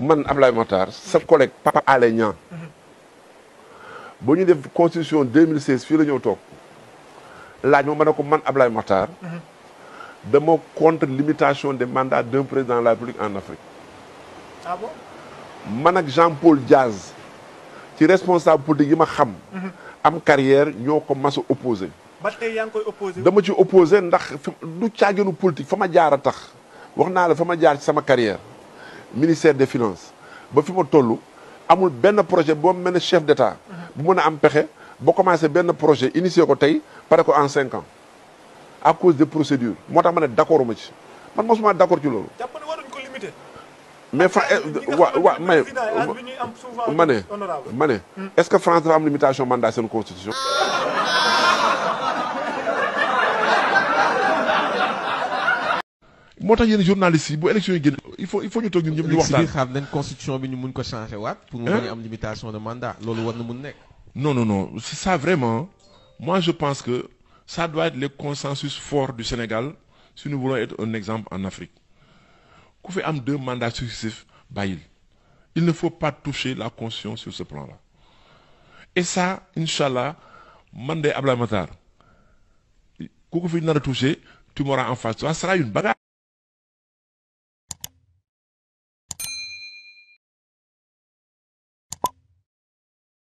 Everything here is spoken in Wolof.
man Ablaye Matar sa collègue Papa Alé Niang ba ñu def constitution 2016 fii la ñëw toog laaj ma ma ne ko man Ablaye Matar dama contre limitation des mandats d'un président de la République en Afrique ah bon man ak Jean-Paul Diaz ci responsable politique yi ma xam am carrière ñoo ko mas a opposé yaa ngi koy opposé dama ci opposé ndax du caaginu politique fa ma jaar a tax wax naa la fa ma jaar ci sama carrière ministère des finances ba fi ma toll amul benn projet boo mel ne chef d' état. bu mën a am pexe boo commencé benn projet initié ko tey pare ko en cinq ans à cause de procédure moo tax ma ne d' accord ma ci man mosuma d' accord ci loolu. mais fa wa wa may ah, ma ne ma ne est ce que France dafa am limitation mandat seen constitution. moo tax yéen journalistes yi bu élection yi génn il faut il faut ñu toog ñun ñëpp ñu waxtaan ko changé waat pour mu bañ am limitation de mandat loolu war na mun nekk non non non c'est ça vraiment moi je pense que ça doit être le consensus fort du Sénégal si nous voulons être un exemple en Afrique ku fi am deux mandats successifs bàyyil il ne faut pas toucher la constitution sur ce plan-là et ça incha allah man de Matar ku ko fi nar a en face